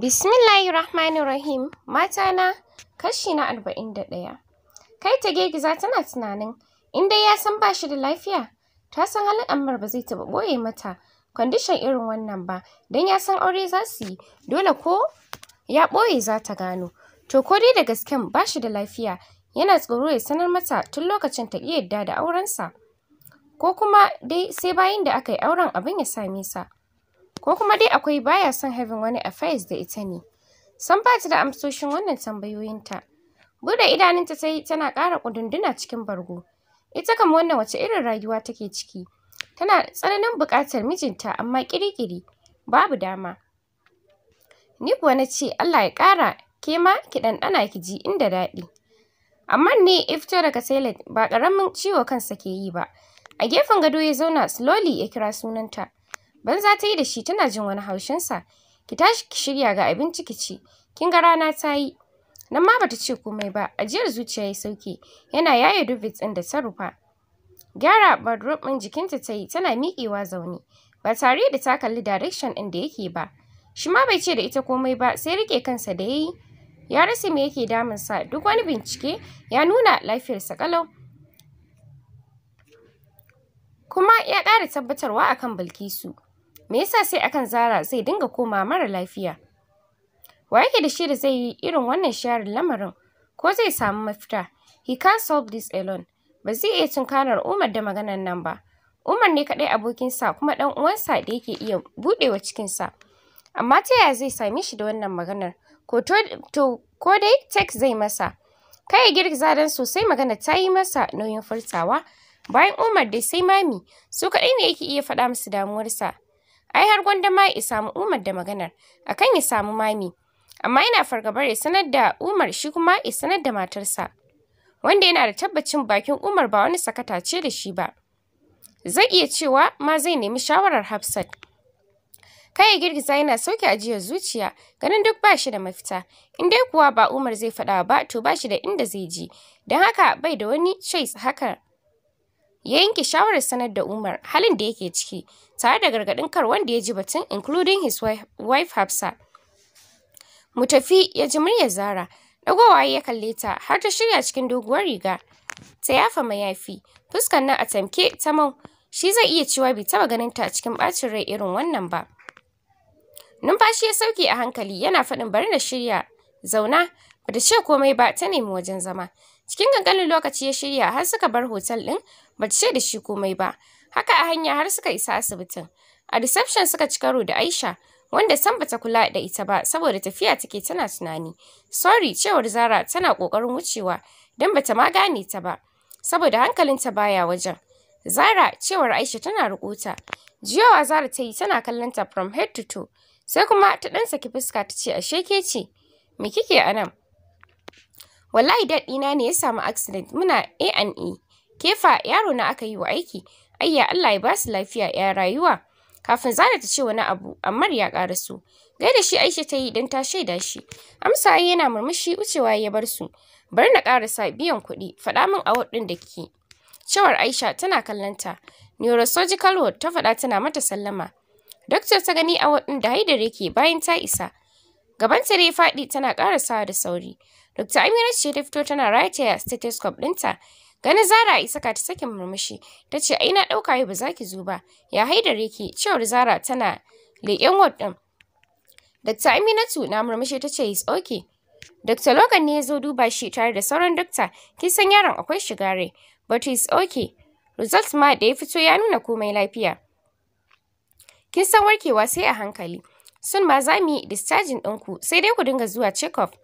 bismillahi rahim Mata na kashi na arba'in da ɗaya. Kai ta za tana tunanin in dai ya san ba shi da lafiya, ta san halin Ammar ba zai taɓa ɓoye mata kwandishan irin wannan ba, don ya san aure za su yi, dole ko ya ɓoye za ta gano. To ko dai da gasken ba shi da lafiya, yana tsoro ya sanar mata tun lokacin ta yadda da aurensa. Ko kuma dai sai bayan da aka yi auren abin ya same sa. ko kuma dai akwai baya son having wani affairs da ita ne san ba ta da amsoshin wannan tambayoyinta bude idanunta ta yi tana ƙara ƙudunduna cikin bargo ita kam wannan wace irin rayuwa take ciki tana tsananin buƙatar mijinta amma kirikiri babu dama ni kuwa na ce Allah ya ƙara ke ma ki ɗanɗana ki ji inda daɗi amma ne ya fito daga toilet ba ƙaramin ciwo kansa ke yi ba a gefen gado ya zauna slowly ya kira sunanta Banza ta yi da shi tana jin wani haushinsa. Ki tashi ki shirya ga abinci ki ci. Kin ga rana ta yi. Nan ma bata ce komai ba, ajiyar zuciya ya sauke, yana yaye duvets ɗin da ta rufa. Gyara wardrobe ɗin jikinta ta yi, tana miƙewa zaune, ba tare da ta kalli direction ɗin da yake ba. Shi ma bai ce da ita komai ba, sai rike kansa da ya yi. Ya rasa me yake damunsa, duk wani bincike ya nuna lafiyarsa ƙalau. Kuma ya ƙara tabbatarwa akan Bilkisu. Me yasa sai akan Zara zai dinga koma mara lafiya? Wa yake da shi da zai yi irin wannan sharin lamarin? Ko zai samu mafita? He can't solve this alone. Ba zai iya tunkarar Umar da maganar nan ba. Umar ne kaɗai abokinsa kuma ɗan uwansa da yake iya buɗewa cikinsa. Amma ta yaya zai same shi da wannan maganar? Ko to ko dai tek zai masa. Kai girgiza dan sosai magana ta yi masa nauyin furtawa. Bayan Umar dai sai mami, su kaɗai ne yake iya faɗa musu damuwarsa. ai har gwanda ma ya samu umar da maganar akan ya samu mami amma yana fargabar ya sanar da umar shi kuma ya sanar da matarsa wanda yana da tabbacin bakin umar ba wani sakata ce da shi ba zai iya cewa ma zai nemi shawarar hafsat kai ya girgiza yana sauke ajiyar zuciya ganin duk ba shi da mafita in dai kuwa ba umar zai faɗa ba to ba shi da inda zai ji don haka bai da wani chase haka ya yanke shawarar sanar da Umar halin da yake ciki tare da gargaɗin kar wanda ya ji batun including his wife Hafsa. Mu tafi ya ji muryar Zara, dagowa ya kalle ta har ta shirya cikin doguwar riga. Ta yafa mayafi, fuskar nan a tamke ta mau, shi zai iya cewa bai taɓa ganin ta cikin bacin rai irin wannan ba. Numfashi ya sauke a hankali yana faɗin bari na shirya zauna bata ce komai ba ta nemi wajen zama. Cikin gangalin lokaci ya shirya har suka bar hotel ɗin ba ta ce da shi komai ba haka a hanya har suka isa asibitin a reception suka ci karo da aisha wanda san bata kula da ita ba saboda tafiya take tana tunani sorry cewar zara tana kokarin wucewa don bata ma gane ta ba saboda hankalinta baya wajen zara cewar aisha tana rukuta jiyowa zara ta yi tana kallon ta from head to toe sai kuma ta dan saki fuska ta ce ashe ke ce me kike a nan wallahi dad ne ya samu accident muna A&E Kefa yaro na aka yi wa aiki, ayya Allah ya basu lafiya ya rayuwa. Kafin Zara ta ce wani abu, amma ya ƙara so Gaida shi Aisha ta yi don ta shaida shi. Amsa ai yana murmushi wucewa ya bar su. Bari na ƙarasa biyan kuɗi, faɗa min a ɗin da ke. Cewar Aisha tana kallon ta. Neurosurgical ward ta faɗa tana mata sallama. doctor ta gani awa ɗin da Haidar yake bayan ta isa. Gaban Gabanta dai faɗi tana sawa da sauri. Dr. Amira ce ta fito tana rataya stethoscope ɗinta Ganin Zara ya saka ta sakin murmushi, ta ce, Ai, na ɗauka yau ba za ki zo ba, ya haidar yake, cewar Zara tana leƙen ward ɗin. dakta Aminatu na murmushi ta ce, Is okay. Logan ne ya zo duba shi tare da sauran dakta kin san yaron akwai shiga rai, but is okay. Result ma da ya fito ya nuna komai lafiya. Kin san warkewa sai a hankali. Sun ma za mu yi discharging ɗinku, sai dai ku dinga zuwa check-up.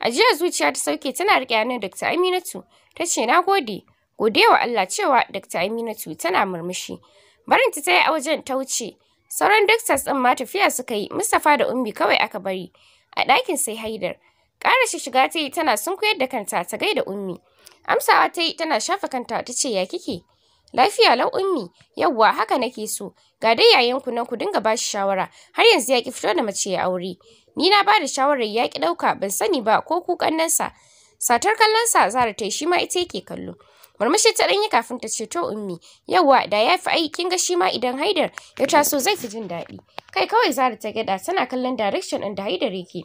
Ajiya zuciya ta sauke tana riƙe hannun Dr. Aminatu ta ce na gode. Gode wa Allah cewa Dr. Aminatu tana murmushi. Barinta ta yi a wajen ta wuce. Sauran doctors ɗin ma tafiya suka yi, Mustapha da Ummi kawai aka bari. A ɗakin sai Haidar. Ƙara shi shiga ta yi tana sunkuyar da kanta ta gaida Ummi. Amsawa ta yi tana shafa kanta ta ce ya kike? Lafiya lau ummi, yawwa haka nake so. Ga dai yayanku nan ku dinga ba shi shawara, har yanzu ya ki fito da mace ya aure. Ni na ba da shawarar ya ki ɗauka ban sani ba ko ku kannansa Satar kallansa Zara ta shi ma ita yake kallo. Murmushi ta ɗanyi kafin ta ce to ummi, yawwa da ya fi aikin ga shi ma idan Haidar ya taso zai fi jin daɗi. Kai kawai Zara ta gada tana kallon direction ɗin da Haidar yake.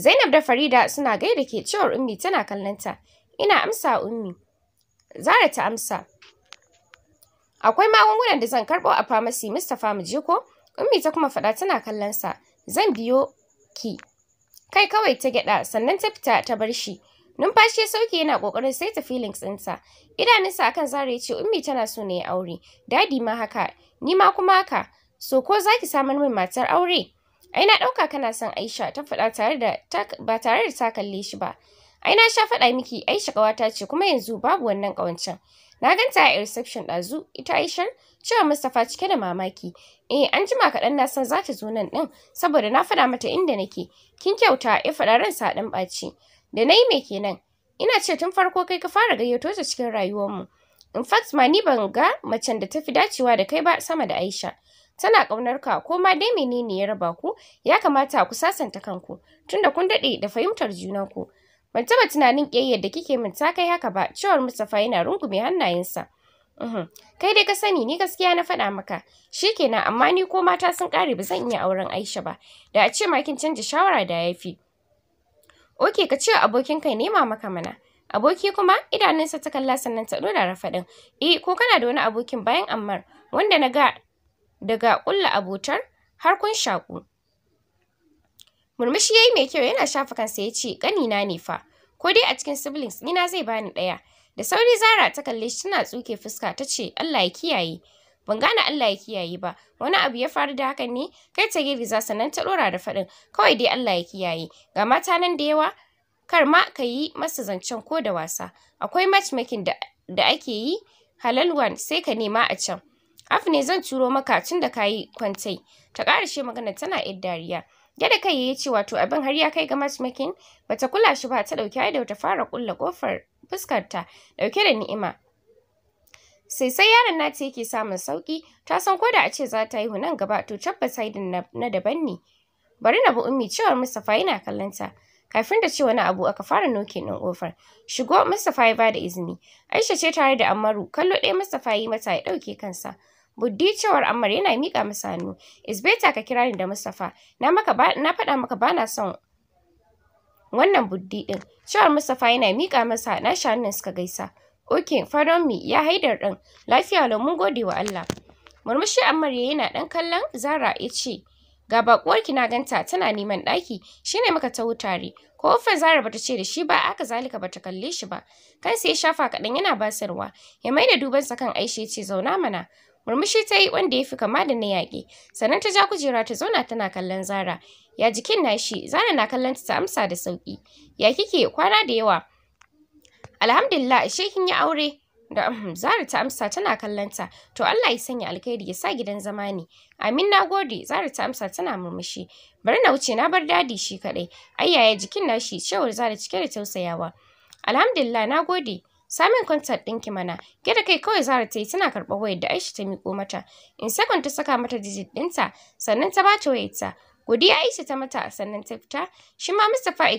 Zainab da Farida suna gaida ke cewar ummi tana kallon Ina amsa ummi. Zara ta amsa. akwai magungunan da zan karɓo a famasi mustapha mu je ko ummi ta kuma faɗa tana kallon sa zan biyo ki kai kawai ta gyaɗa sannan ta fita ta bar shi numfashi ya sauke yana kokarin saita feelings ɗinsa idanunsa akan zara ya ce ummi tana so na yi aure dadi ma haka ni ma kuma haka so ko zaki samar min matar aure ai na ɗauka kana son aisha ta faɗa tare da ba tare da ta kalle shi ba ai na sha faɗa miki aisha ƙawata ce kuma yanzu babu wannan ƙawancen Na ganta a reception ɗazu, ita Aishar, cewa Mustapha cike da mamaki. Eh, an jima kaɗan na san za ta zo nan ɗin, saboda na faɗa mata inda nake. Kin kyauta, ya faɗa ran ransa ɗan ɓaci. Da na yi me kenan? Ina ce tun farko kai ka fara gayyato ta cikin rayuwarmu. In fact ma ni ban ga macen da ta fi dacewa da kai ba sama da Aisha. Tana ƙaunar ka ko ma dai menene ya raba ku, ya kamata ku sasanta kanku, tunda kun daɗe da fahimtar junanku. ku. Ban taɓa tunanin ƙiyayyar da kike min ta kai haka ba, cewar Mustapha yana rungume hannayensa. Uhm, kai dai ka sani ni gaskiya na faɗa maka. Shikenan amma ni ko mata sun ƙare ba zan iya auren Aisha ba. Da a ce ma kin canja shawara da ya fi. Oke ka ce abokin kai nema maka mana. Aboki kuma idanunsa ta kalla sannan ta ɗora rafaɗin. e ko kana da wani abokin bayan Ammar wanda na ga daga ƙulla abotar har kun shaƙu Murmushi ya yayi mai kyau yana shafa kansa ya ce ƙanina ne fa. Ko dai a cikin siblings ɗina zai bani ɗaya. Da sauri Zara ta kalle shi tana tsuke fuska ta ce Allah ya kiyaye. Ban gane Allah ya kiyaye ba, wani abu ya faru da hakan ne, kai ta za sannan ta ɗora da faɗin, kawai dai Allah ya kiyaye, ga mata nan da yawa, kar ma ka yi masa zancen ko da wasa, akwai matchmaking da, da ake yi, halal wan sai ka nema a can. Af ne zan turo maka tun da ka yi kwantai, ta ƙarashe magana tana 'yar dariya. yada kai ya ce wato abin har ya kai ga matchmaking bata kula shi ba ta ɗauki idol ta fara kulla kofar fuskarta ɗauke da ni'ima. Sai sai yaron nata yake samun sauki ta san ko da a ce za ta haihu nan gaba to tabbas haidin na daban ne. Bari na bu ummi cewar Mustapha yana kallonta. Kafin da ce wani abu aka fara nokin ɗin ƙofar. Shigo Mustapha ya bada izini. Aisha ce tare da Ammaru kallo ɗaya Mustapha yi mata ya ɗauke kansa. buddi cewar Ammar yana miƙa masa hannu. Isbeta ka kira ni da Mustapha. Na maka na faɗa maka bana son wannan buddi ɗin. Cewar Mustapha yana miƙa masa na hannun suka gaisa. Okay, pardon me, ya haidar ɗin. Lafiya lau mun gode wa Allah. Murmushi Ammar yana ɗan kallon Zara ya ce, ga bakuwarki na ganta tana neman ɗaki shine muka taho tare ko uffan zara bata ce da shi ba aka zalika bata kalle shi ba kansa ya shafa kaɗan yana basarwa ya maida da dubansa kan aisha ya ce zauna mana Murmushi ta yi wanda ya fi kama da na yaƙi, sannan ta ja kujera ta zauna tana kallon Zara. Ya jikin nashi, Zara na kallon ta amsa da sauƙi. Ya kike kwana da yawa? Alhamdulillah, ashe kin yi aure. Da uhm, Zara ta amsa tana kallon ta. To Allah ya sanya alkhairi ya sa gidan zama ne. Amin na gode, Zara ta amsa tana murmushi. Bari na wuce na bar dadi shi kaɗai. Ai yaya jikin nashi, cewar Zara cike da tausayawa. Alhamdulillah, na gode. Samin kwantar ɗinki mana. Ke kai kawai Zara ta yi tana karɓar wayar da Aisha ta miƙo mata. In second ta saka mata digit ɗinta sannan ta bata wayarta. Godiya Aisha ta mata sannan ta fita. Shi ma Mustapha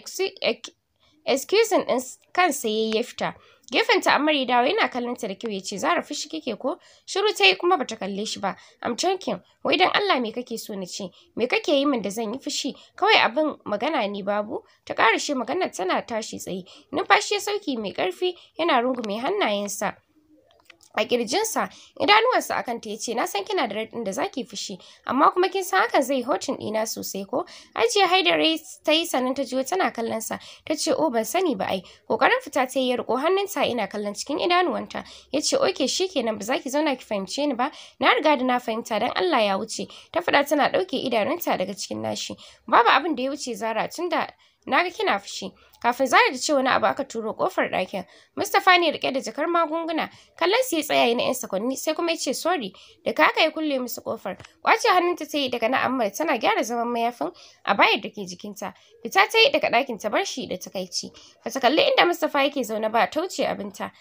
excusing ɗin kansa ya yi ya fita. Gefenta Ammar ya dawo yana kallon ta da kyau ya ce Zara fushi kike ko? Shiru ta yi kuma bata kalle shi ba. I'm thinking Wai dan Allah me kake so na ce? Me kake yi min da zan yi fushi? Kawai abin magana ne babu. Ta ƙarashe magana tana tashi tsayi Numfashi ya sauki mai karfi yana rungume hannayensa. a kirjinsa idanuwansa akan ta yace na san kina da radin da zaki fushi amma kuma kin san hakan zai hotin dina sosai ko ajiya haidare ta yi sanin ta jiwo tana kallon sa ta ce o oh, ban sani ba ai kokarin fita ta yi riko hannunta ina kallon cikin idanuwanta yace oke shikenan ba zaki zauna ki fahimce ni ba na riga da na fahimta dan Allah ya wuce ta faɗa tana ɗauke idanunta daga cikin nashi babu abin da ya wuce Zara tunda Na ga kina fushi. Kafin Zara da ce wani abu aka turo kofar ɗakin. Mustapha ne rike da jakar magunguna. Kallon su ya tsaya na 'yan sakwanni sai kuma ya ce sorry da ka ya kulle musu kofar. Kwace hannunta ta yi daga na amma tana gyara zaman mayafin a bayar da ke jikinta. Fita ta yi daga ɗakin ta bar shi da takaici. Ba ta kalli inda Mustapha yake zaune ba ta wuce abinta.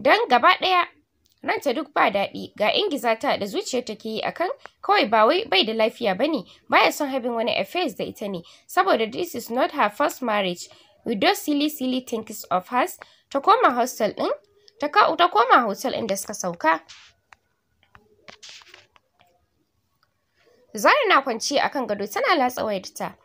Don gaba ɗaya ta duk ba daɗi ga ingiza ta da zuciyar take yi akan kawai ba wai bai da lafiya ba bane baya son habin wani affairs da ita ne saboda this is not her first marriage with those silly silly things of hers ta koma hostel ɗin ta ta koma hotel ɗin da suka sauka Zara na kwance akan gado tana latsa wayarta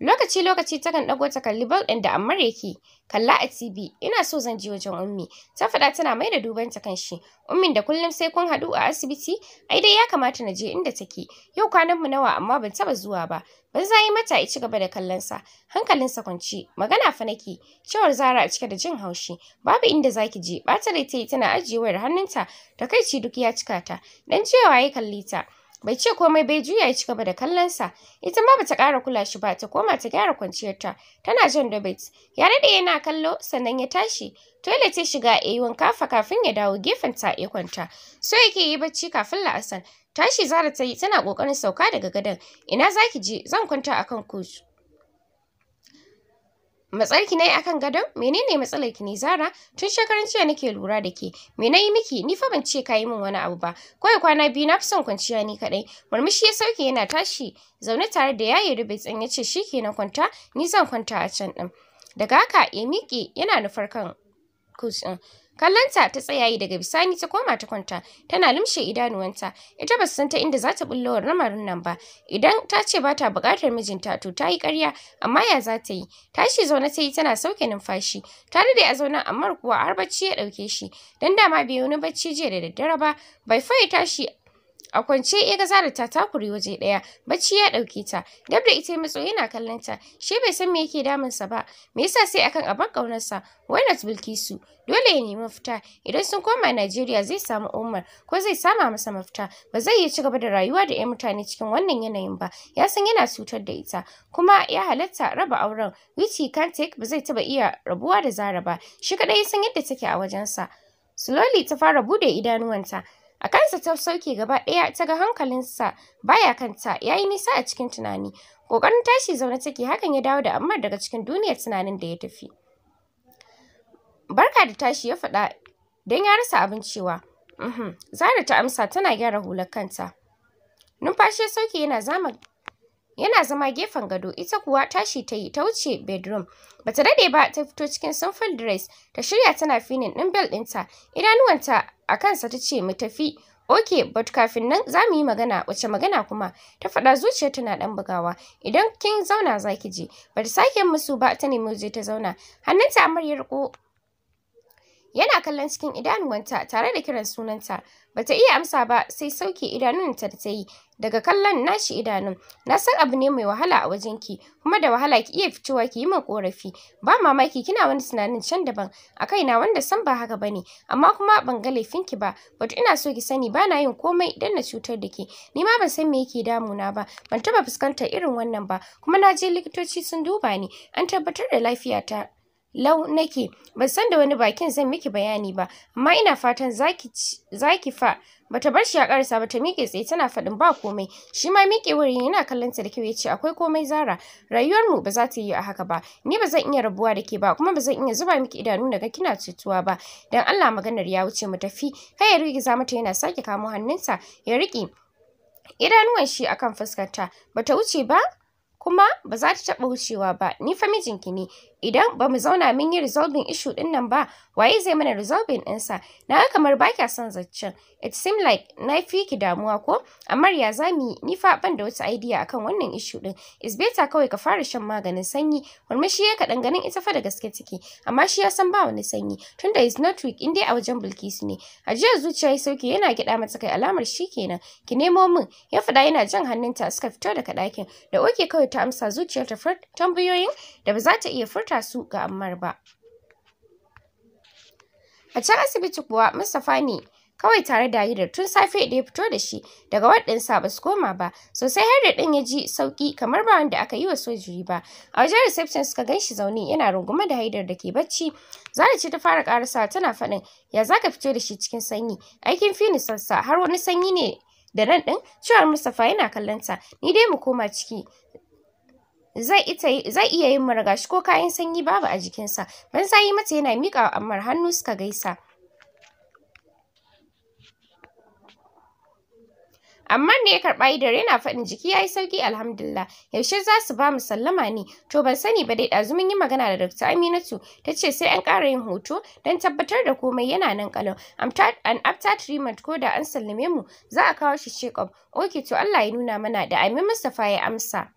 lokaci lokaci takan ɗago ta kalli bal ɗin da amma yake kalla a TV ina so zan je wajen ummi ta faɗa tana mai da duban ta kan shi ummin da kullum sai kun haɗu a asibiti ai dai ya kamata na je inda take yau kwanan mu nawa amma ban taba zuwa ba ban zai mata ya ci gaba da kallon sa hankalin sa kwanci magana fa nake cewar Zara a cike da jin haushi babu inda zaki je bata ta tayi tana ajiyewar hannunta takaici duk ya cika ta dan cewa ya kalli ta bai ce komai bai juya ya ci gaba da kallon sa ita ma bata ƙara kula shi ba ta koma ta gyara kwanciyar ta tana jan dobit ya daɗe yana kallo sannan ya tashi toilet ya shiga yayi yi wanka kafin ya dawo gefen ta ya kwanta so yake yi bacci kafin la'asar tashi zara ta yi tana ƙoƙarin sauka daga gadon ina zaki je zan kwanta akan kusu matsarki ne akan gadon menene matsalar ne Zara tun shekaran jiya nake lura da ke me nayi miki ni fa ban ce ka yi min wani abu ba kawai kwana biyu na fi son kwanciya ni kadai murmushi ya sauke yana tashi zaune tare da yayi rube tsin yace shikenan kwanta ni zan kwanta a can din daga haka ya miƙe yana nufar kan kus Kallanta ta tsaya yi daga bisani ta koma ta kwanta tana limshe idanuwanta ita ba san ta inda za ta bullo lamarin nan ba idan ta ce ba ta buƙatar mijinta to ta yi ƙarya amma ya za ta yi tashi zaune ta yi tana sauke numfashi ta dade a zaune amma kuwa har bacci ya ɗauke shi dan dama bai wani bacci jiya da daddare ba bai ya tashi A kwance ya Zara ta takure waje daya. bacci ya ɗauke ta. Dab da ita matso yana kallon ta, shi bai san me yake damun sa ba. Me yasa sai akan abar ƙaunarsa? Wainat Bilkisu, dole ya nemi mafita. Idan sun koma Najeriya zai samu Umar, ko zai sama masa mafita. Ba zai iya cigaba da rayuwa da 'yan mutane cikin wannan yanayin ba. Ya san yana cutar da ita, kuma ya halatta raba auren. Wici Kantek ba zai taba iya rabuwa da Zara ba. Shi kadai ya san yadda take a wajensa. Slowly ta fara bude idanuwanta. a kansa ta sauke gaba ɗaya ta ga hankalinsa baya kanta ya yi nisa a cikin tunani ƙoƙarin tashi zaune take hakan ya dawo da amma daga cikin duniyar tunanin da ya tafi barka da tashi ya faɗa don ya rasa abin cewa uhm, zara ta amsa tana gyara hular kanta numfashi ya sauke yana zama yana zama gefen gado ita kuwa tashi ta yi ta wuce bedroom bata dade ba ta fito cikin simple dress ta shirya tana finin din bel dinta idanuwanta a kansa ta ce mu tafi ok but kafin nan za mu yi magana wace magana kuma ta faɗa zuciyar tana ɗan bugawa idan kin zauna za ki je Bata sake musu ba ta nemi je ta zauna hannunta amaryar ko yana kallon cikin idanuwanta tare da kiran sunanta bata iya amsa ba sai sauke idanunta da ta yi daga kallon nashi idanun na san abu ne mai wahala a wajen ki kuma da wahala ki iya fitowa ki yi min korafi ba mamaki kina wani tunanin can daban a kaina wanda san ba haka bane amma kuma ban ga laifin ki ba wato ina so ki sani ba na yin komai idan na cutar da ke ni ma ban san me yake damu na ba ban taba fuskantar irin wannan ba kuma na je likitoci sun duba ni an tabbatar da lafiyata lau nake ban san da wani bakin zan miki bayani ba amma ina fatan zaki zaki fa bata bar shi ya karasa bata miƙe tsaye tana faɗin ba komai shi ma miƙe wurin yana kallon ta da kyau yace akwai komai Zara rayuwar mu ba za ta yi a haka ba ni ba zan iya rabuwa da ke ba kuma ba zan iya zuba miki idanu daga kina cutuwa ba dan Allah maganar ya wuce mu tafi kai ya rigiza mata yana sake kamo hannunsa ya riƙe idanuwan shi akan fuskarta bata wuce ba kuma ba za ta taɓa wucewa ba ni fa mijinki ne idan ba mu zauna mun yi resolving issue ɗin nan ba waye zai mana resolving sa na ga kamar ba kya son zaccen it seem like na fi ki damuwa ko amma ya za mu ni fa ban da wata idea akan wannan issue ɗin is better kawai ka fara shan maganin sanyi murmushi ya kaɗan ganin ita fa da gaske take amma shi ya san ba wani sanyi tunda is not weak in dai a wajen bilkisu ne ajiyar zuciya ya sauke yana gyaɗa mata kai alamar shi kenan ki nemo min ya faɗa yana jan hannunta suka fito daga ɗakin da oke kawai ta amsa zuciyar ta tambayoyin da ba za ta iya furta mika su ga Ammar ba. A can asibiti kuwa Mustapha ne kawai tare da Haidar tun safe da ya fito da shi daga waɗansa ba su koma ba sosai har da ɗin ya ji sauƙi kamar ba wanda aka yi wa sojiri ba a wajen reception suka gan shi zaune yana rungume da Haidar da ke bacci Zara ce ta fara ƙarasa tana faɗin ya za ka fito da shi cikin sanyi aikin fini sassa har wani sanyi ne da nan ɗin cewar Mustapha yana kallon ta ni dai mu koma ciki zai iya yin murga shi ko kayan sanyi babu a jikinsa banza yi mata yana miƙa amma hannu suka gaisa amma ne ya karɓa idar yana faɗin jiki ya yi sauƙi alhamdulillah yaushe za su ba mu sallama ne to ban sani ba dai ɗazu mun yi magana da dr aminatu ta ce sai an ƙara yin hoto don tabbatar da komai yana nan ƙalau an after treatment ko da an sallame mu za a kawo shi check up ok to allah ya nuna mana da amin mustapha ya amsa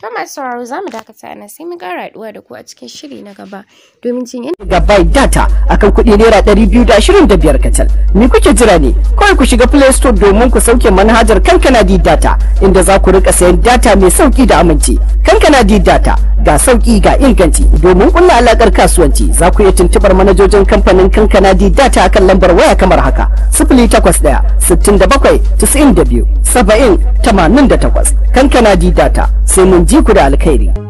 To masu sauraro za mu dakata nan sai mu ƙara haɗuwa da ku a cikin shiri na gaba domin cin yin gaba data akan kuɗi naira ɗari biyu da ashirin da biyar kacal. Me kuke jira ne? Kawai ku shiga Play Store domin ku sauke manhajar kankana di data inda za ku riƙa sayan data mai sauƙi da aminci. Kankana di data ga sauki ga inganci domin kulla alakar kasuwanci za ku iya tuntubar manajojin kamfanin kankana di data kan lambar waya kamar haka sifili takwas ɗaya sittin da kankana di data sai mun ji ku da alkhairi.